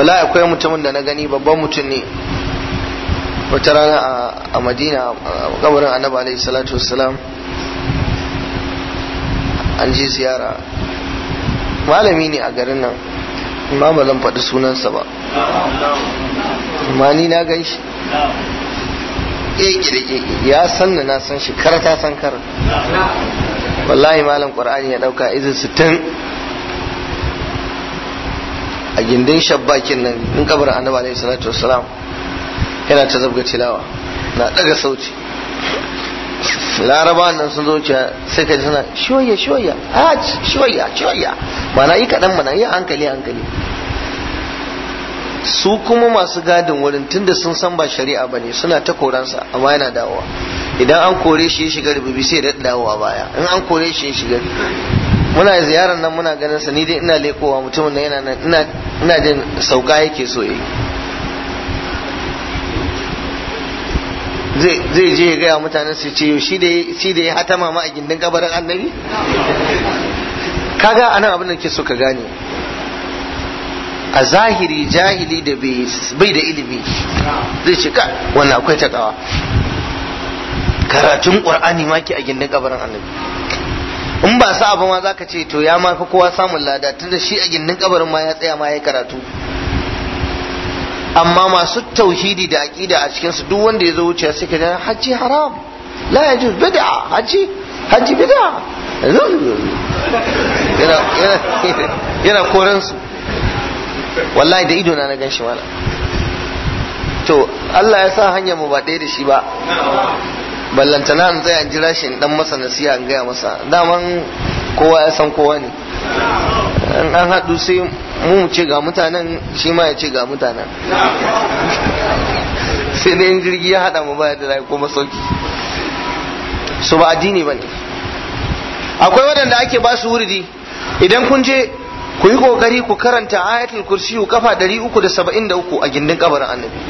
wala akwai mutumin da na gani babban mutum ne wata rana a madina a kabarin annabi alaihi salatu wassalam an ji ziyara malami ne a garin nan amma ba zan faɗi sunansa ba amma ni na gan shi ya san na san shi kar san kar wallahi malam qur'ani ya ɗauka izin sittin a gindin shabbakin nan in kabarin annabi alaihi salatu wassalam yana ta zabga tilawa na ɗaga sauti laraba nan sun zo ce sai ka ji suna shoya shoya a shoya shoya mana yi kaɗan mana yi hankali hankali su kuma masu gadin wurin tunda sun san ba shari'a ba ne suna ta koransa amma yana dawowa idan an kore shi ya shiga rububi sai da dawowa baya in an kore shi shiga muna ziyarar nan muna ganin sa ni dai ina lekowa mutumin nan yana nan ina jin sauka yake so yi zai je ya gaya mutanen su ce shi da ya hatama ma a gindin kabarin annabi kaga anan abin da ke so ka gane a zahiri jahili da bai da ilimi zai ce ka wannan akwai takawa karatun qur'ani ma a gindin kabarin annabi in ba sa abin ma za ka ce to ya mafi kowa samun lada tunda shi a gindin kabarin ma ya tsaya ma ya karatu amma masu tauhidi da aqida a cikin su duk wanda ya zo wuce sai ka ga haji haram la yajuz bid'a haji haji bid'a yana yana yana koran su wallahi da ido na na ganshi mala to Allah ya sa hanyar mu ba ɗaya da shi ba ballantana in tsaya in jira shi in dan masa nasiha in gaya masa daman kowa ya san kowa ne an an haɗu sai mu ce ga mutanen shi ma ya ce ga mutanen sai dai yin jirgi ya haɗa mu baya da rai ko masauki su ba addini ba ne akwai waɗanda ake ba su wuridi idan kun je ku yi kokari ku karanta ayatul kursi kafa 373 a gindin kabarin annabi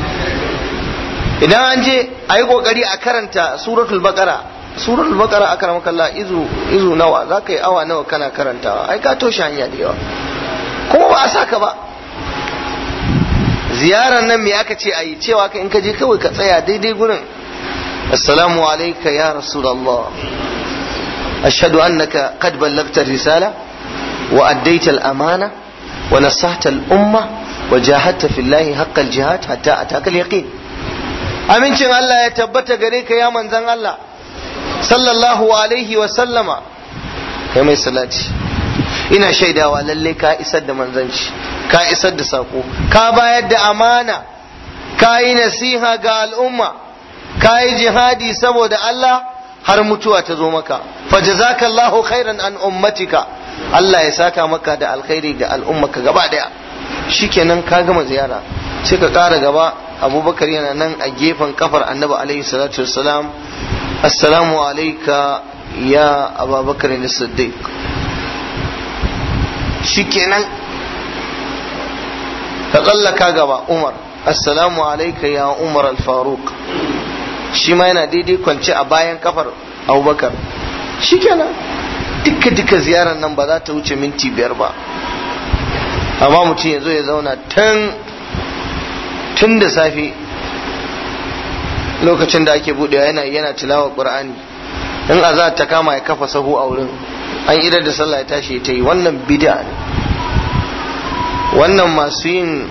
idan an je a yi kokari a karanta suratul baqara surar bakara a kallah Kalla, izu nawa ka yi awa nawa kana karantawa ai ka toshe hanya da yawa kuma ba a saka ba ziyarar nan me aka ce ayi cewa ka in ka je kawai ka tsaya daidai gurin assalamu alaika ya rasulullah ashhadu annaka qad ballagta risala wa addaita al-amana wa nasahta al-umma wa jahadta fillahi haqqal jihad hatta ataka al-yaqin amincin Allah ya tabbata gare ka ya manzon Allah sallallahu alaihi wa sallama kai mai salati ina shaidawa lalle ka isar da manzanci ka isar da sako ka bayar da amana ka yi nasiha ga al'umma ka yi jihadi saboda Allah har mutuwa ta zo maka fa jazakallahu khairan an ummatika Allah ya saka maka da alkhairi ga al'ummarka gaba daya shikenan ka gama ziyara sai ka kara gaba abubakar yana nan a gefen kafar annabi alaihi salatu wassalam Assalamu alaika ya Abubakar ibn Siddiq shi kenan ka tsallaka gaba Umar Assalamu alaika ya Umar al-Faruq yana daidai kwance a bayan kafar Abubakar shi kenan dukkan dukkan nan ba za ta wuce minti biyar ba amma mutum yanzu ya zauna tun da safe. lokacin da ake budewa yana yana tilawa qur'ani in azar ta kama ya kafa sahu a wurin an idar da sallah ya tashi ta yi wannan bid'a ne wannan masu yin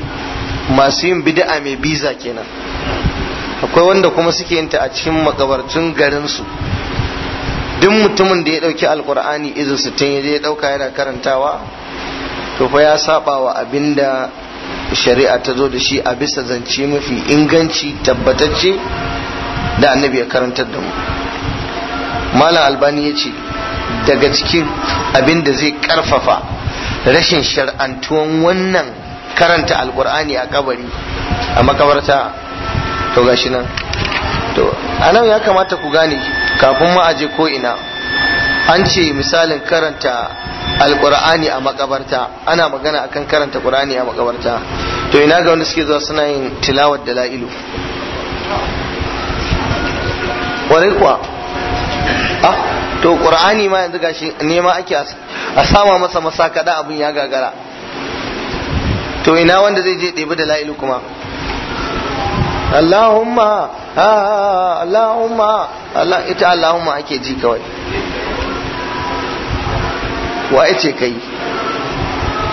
masu yin bid'a mai biza kenan akwai wanda kuma suke yin ta a cikin makabartun garin su duk mutumin da ya dauki alqur'ani izin sittin ya ya dauka yana karantawa to fa ya saba wa abinda shari'a ta zo da shi a bisa zance mafi inganci tabbatacce da annabi ya karantar da mu malam albani ya ce daga cikin abin da zai karfafa rashin shar'antuwan wannan karanta alkur'ani a kabari a makabarta to gashi nan to anan ya kamata ku gane kafin ma aje ko ina an ce misalin karanta alqur'ani a makabarta ana magana akan karanta qur'ani a makabarta to ina ga wanda suke zuwa suna yin tilawar dalailu kwarai kuwa ah to qur'ani ma yanzu gashi nema ake a sama masa masakada abin ya gagara to ina wanda zai je ɗebi da la'ilu kuma Allahumma ah, Allahumma Allah ita Allahumma ake ji kawai wa ya ce kai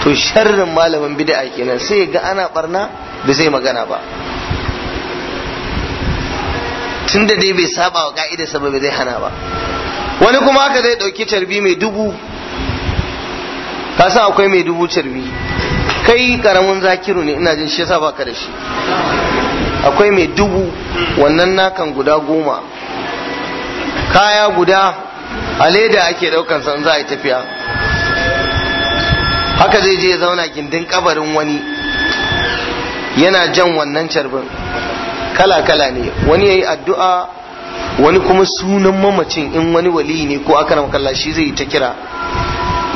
to sharrin malamin bid'a kenan sai ga ana barna da zai magana ba tunda dai bai saba wa ka'idarsa ba zai hana ba wani kuma haka zai dauki carbi mai dubu kasan akwai mai dubu carbi kai karamin zakiru ne ina jin shi yasa baka da shi akwai mai dubu wannan nakan guda goma kaya guda a leda ake daukan san za a yi tafiya haka zai je ya zauna gindin kabarin wani yana jan wannan carbin kala-kala ne wani ya yi addu'a wani kuma sunan mamacin in wani wali ne ko aka makalla shi zai yi ta kira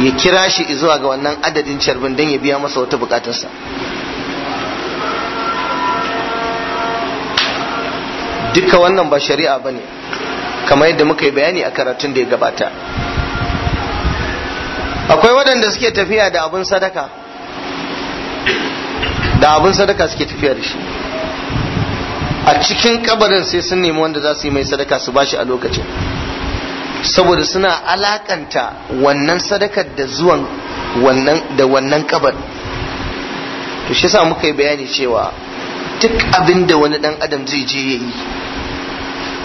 ya kira shi zuwa ga wannan adadin carbin don ya biya masa wata bukatarsa duka wannan ba shari'a ba ne kamar yadda muka yi bayani a karatun da ya gabata akwai waɗanda suke tafiya da abin sadaka da abin sadaka suke tafiya da shi a cikin kabarin sai sun nemi wanda za su yi mai sadaka su bashi a lokacin saboda suna alakanta wannan sadakar da zuwan wannan da wannan kabar to shi sa muka yi bayani cewa duk abin da wani dan adam zai je ya yi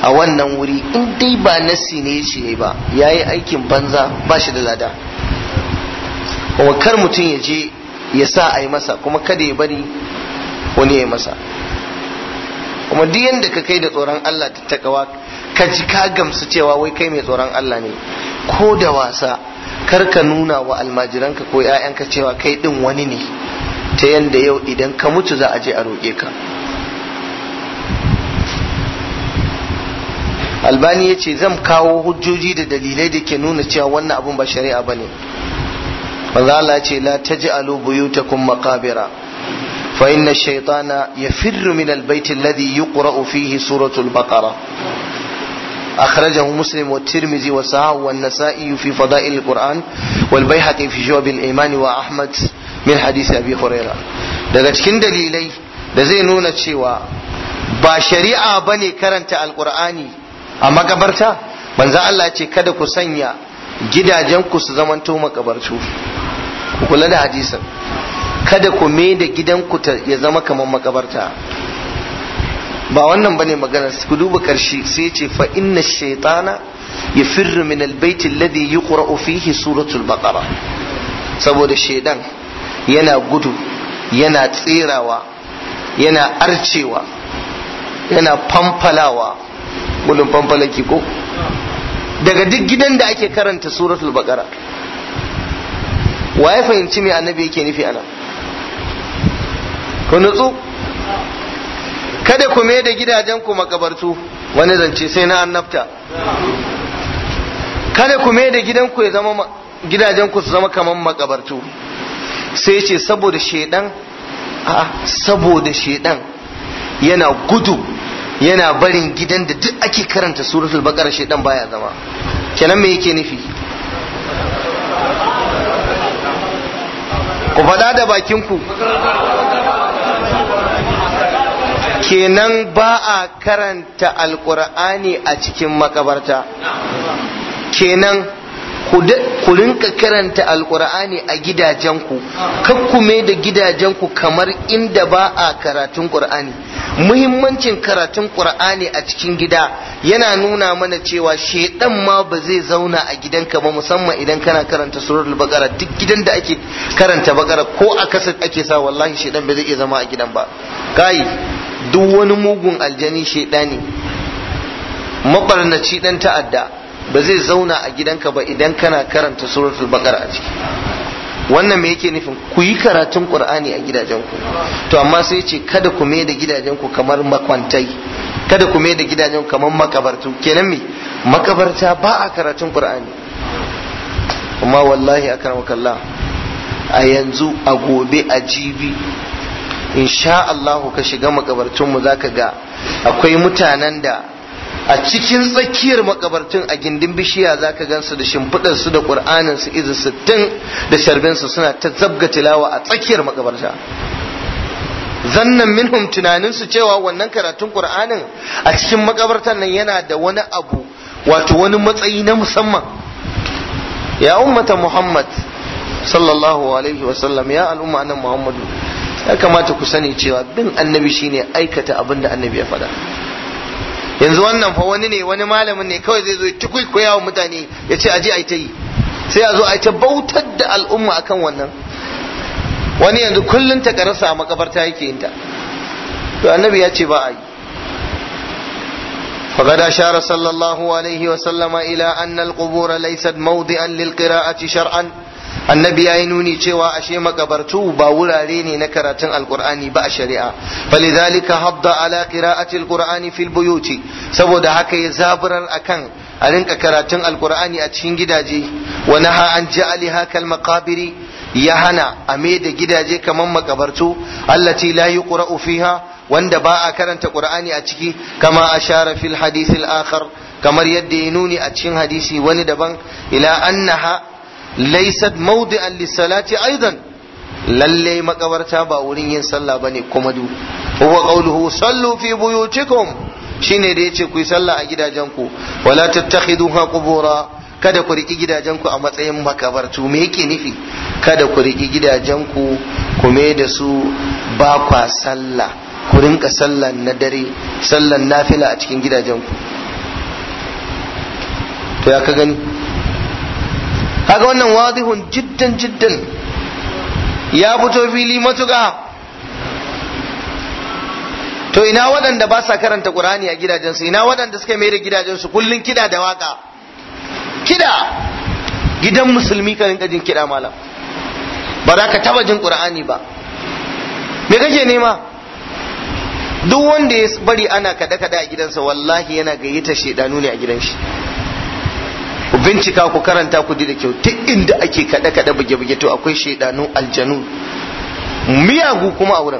a wannan wuri in dai ba nasi ne ce ba yayi aikin banza ba shi da lada kuma kar mutum ya je ya sa a yi masa kuma kada ya bari wani ya yi masa kuma duk yadda ka kai da tsoron Allah ta takawa ka ji ka gamsu cewa wai kai mai tsoron Allah ne ko da wasa kar ka nuna wa almajiranka ko 'ya'yanka cewa kai din wani ne ta yadda yau idan ka mutu za a je a roƙe ka albani ya ce zan kawo hujjoji da dalilai da ke nuna cewa wannan abun ba shari'a ba ne manzo Allah ce la taj'alu buyutakum maqabira fa inna ash-shaytana yafirru min al-bayt alladhi yuqra'u fihi suratul baqara أخرجه مسلم والترمذي وسعه والنسائي في فضائل fi والبيهقي في شعب wa وأحمد من حديث أبي هريرة daga cikin dalilai da zai nuna cewa ba shari'a bane karanta alkur'ani a magabarta banza Allah ce kada ku sanya gidajenku su zaman zamanto makabarcu ku kula da hadisin kada ku me da ta ya zama kamar makabarta ba wannan ba ne magana ku duba karshe sai ce fa inna shaytana yafirru min albayt alladhi yuqra'u fihi suratul baqara saboda shaidan yana gudu yana tsirawa yana arcewa yana famfalawa gudun fanfalaki ko daga duk gidan da ake karanta suratul baqara wa ya fahimci me annabi yake nufi ana ku nutsu kada ku mai da gidajen ku makabartu wani zance sai na annabta kada ku mai da gidanku ya zama gidajen ku su zama kaman makabartu sai ce saboda shedan a saboda shedan yana gudu yana barin gidan da duk ake karanta suratul baqara dan baya zama kenan me yake nufi ku faɗa da bakinku kenan ba a karanta alkur'ani a cikin makabarta kenan ku rinka karanta alkur'ani a gidajenku kakkume da gidajenku kamar inda ba a karatun qur'ani muhimmancin karatun qur'ani a cikin gida yana nuna mana cewa shedan ma ba zai zauna a gidanka ba musamman idan kana karanta surar bakara duk gidan da ake karanta bakara ko a kasa ake sa wallahi shedan ba zai iya zama a gidan ba kai duk wani mugun aljani shedani mabarnaci dan ta'adda ba zai zauna a gidanka ba idan kana karanta suratul baqara a ciki wannan me yake nufin ku yi karatun qur'ani a gidajenku to amma sai ce kada ku mai da gidajenku kamar makwantai kada ku mai da gidajenku kamar makabartu kenan me makabarta ba a karatun qur'ani amma wallahi akramakallah a yanzu a gobe a jibi insha Allah ka shiga makabartun mu zaka ga akwai mutanen da a cikin tsakiyar makabartin a gindin bishiya za ka gansu da su da ƙur'aninsu izu sittin da sharbinsu suna ta zabga tilawa a tsakiyar makabarta zannan minhum su cewa wannan karatun ƙur'anin a cikin makabartan nan yana da wani abu wato wani matsayi na musamman ya ummata muhammad sallallahu alaihi wasallam ya al'umma nan muhammadu ya kamata ku sani cewa bin annabi shine aikata abin da annabi ya faɗa yanzu wannan fa wani ne wani malamin ne kawai zai zo cikui koya wa mutane ya ce aje a ta yi sai a zo a ta bautar da al'umma akan wannan wani yanzu kullum ta karasa a makabarta yake yin ta to annabi ya ce ba a yi فقد أشار صلى الله عليه وسلم إلى أن القبور ليست موضعا للقراءة شرعا annabi ya yi nuni cewa ashe makabartu ba wurare ne na karatun alkur'ani ba a shari'a falizalika habda ala qira'ati alqur'ani fil buyuti saboda haka ya zaburar akan a rinka karatun alkur'ani a cikin gidaje wa naha an ja'ali kal maqabiri ya hana a da gidaje kamar makabartu allati la yuqra'u fiha wanda ba a karanta qur'ani a ciki kama ashara fil hadith al akhar kamar yadda ya nuni a cikin hadisi wani daban ila annaha laysat mawdi'an lis-salati aidan lalle makabarta ba wurin yin sallah bane kuma du huwa qawluhu sallu fi buyutikum shine da yace ku yi sallah a gidajenku wala tattakhiduha qubura kada ku riki gidajenku a matsayin makabartu me yake nufi kada ku riki gidajenku ku me da su ba kwa sallah ku rinka sallah na dare sallah nafila a cikin gidajenku to ya ka gani kaga wannan wadihun jiddan jiddan ya fito fili matuƙa to ina waɗanda ba sa karanta ƙur'ani a gidajensu ina waɗanda suka mai da gidajensu kullum kiɗa da waƙa kiɗa gidan musulmi ka rinka jin kiɗa malam ba za ka taba jin ƙur'ani ba me kake nema duk wanda ya bari ana kaɗe kaɗe a gidansa wallahi yana gayyata shaidanu ne a gidan shi ku bincika ku karanta ku da kyau duk inda ake kaɗe kaɗe buge buge to akwai shaidanu aljanu miyagu kuma a wurin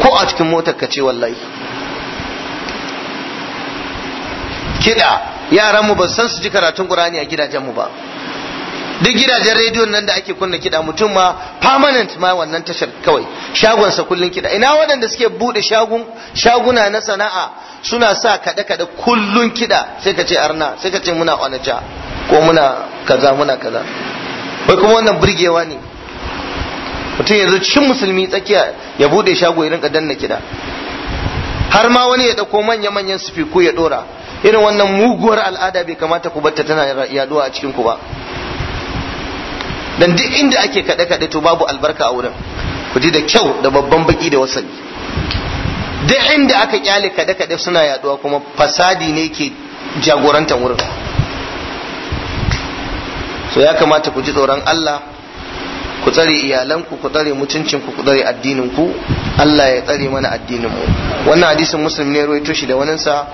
ko a cikin motar ka ce wallahi kiɗa yaranmu mu ba san su ji karatun qur'ani a gidajen mu ba duk gidajen rediyon nan da ake kunna kiɗa mutum ma permanent ma wannan tashar kawai shagonsa kullun kiɗa ina wadanda suke buɗe shagun shaguna na sana'a suna sa kaɗe-kaɗe kullun kiɗa sai ka ce arna sai ka ce muna onaja ko muna kaza muna kaza wai kuma wannan burgewa ne mutum yanzu cin cikin musulmi tsakiya ya buɗe shago ya rinka danna kiɗa har ma wani ya ɗauko manya-manyan sufiku ya ɗora irin wannan muguwar al'ada bai kamata ku batta tana yaduwa a cikin ku ba dan duk inda ake kaɗe kaɗe to babu albarka a wurin ku ji da kyau da babban baki da wasali duk inda aka kyale kaɗe kaɗe suna yaduwa kuma fasadi ne ke jagorantar wurin so ya kamata ku ji tsoron Allah ku tsare iyalanku ku tsare mutuncinku ku tsare addininku Allah ya tsare mana addininmu wannan hadisin muslim ne ruwaito shi da waninsa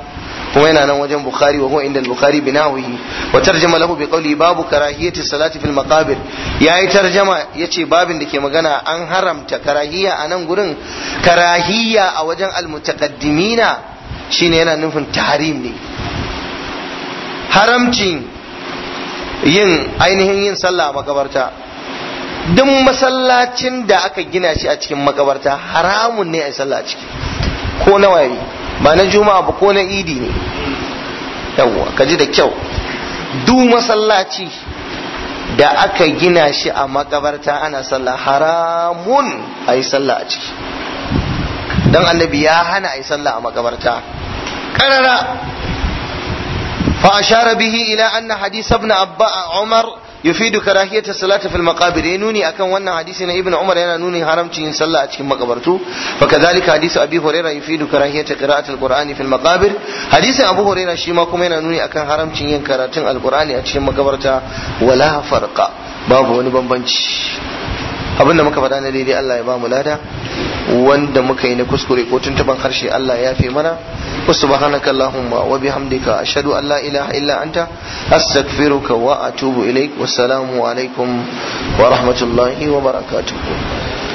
kuma yana nan wajen bukhari wa huwa inda bukhari bi nahwihi wa tarjama lahu bi qawli babu karahiyati salati fil maqabir yayi tarjama yace babin da ke magana an haramta karahiya a nan gurin karahiya a wajen al mutaqaddimina shine yana nufin tahrim ne haramcin yin ainihin yin sallah a makabarta duk masallacin da aka gina shi a cikin makabarta haramun ne a sallah a ciki ko na waye ba na juma'a ba ko na idi ne yawwa ka ji da kyau duk masallaci da aka gina shi a makabarta ana sallah haramun a yi sallah a ciki don annabi ya hana a yi sallah a makabarta karara fa ashara bihi ila anna hadith ibn abba umar yufidu karahiyata salati fil maqabir ya nuni akan wannan hadisi na ibnu umar yana nuni haramcin yin sallah a cikin makabartu fa kadhalika hadisu abi huraira yufidu karahiyata qira'ati alqur'ani fil maqabir hadisin abu huraira shi ma kuma yana nuni akan haramcin yin karatun alqur'ani a cikin makabarta wala babu wani bambanci abinda muka faɗa na daidai Allah ya ba mu lada wanda muka yi na kuskure ko tuntuban harshe Allah ya fi mana wa subhanaka allahumma wa bihamdika ashhadu an la ilaha illa anta astaghfiruka wa atubu ilaik wassalamu alaikum wa rahmatullahi wa barakatuh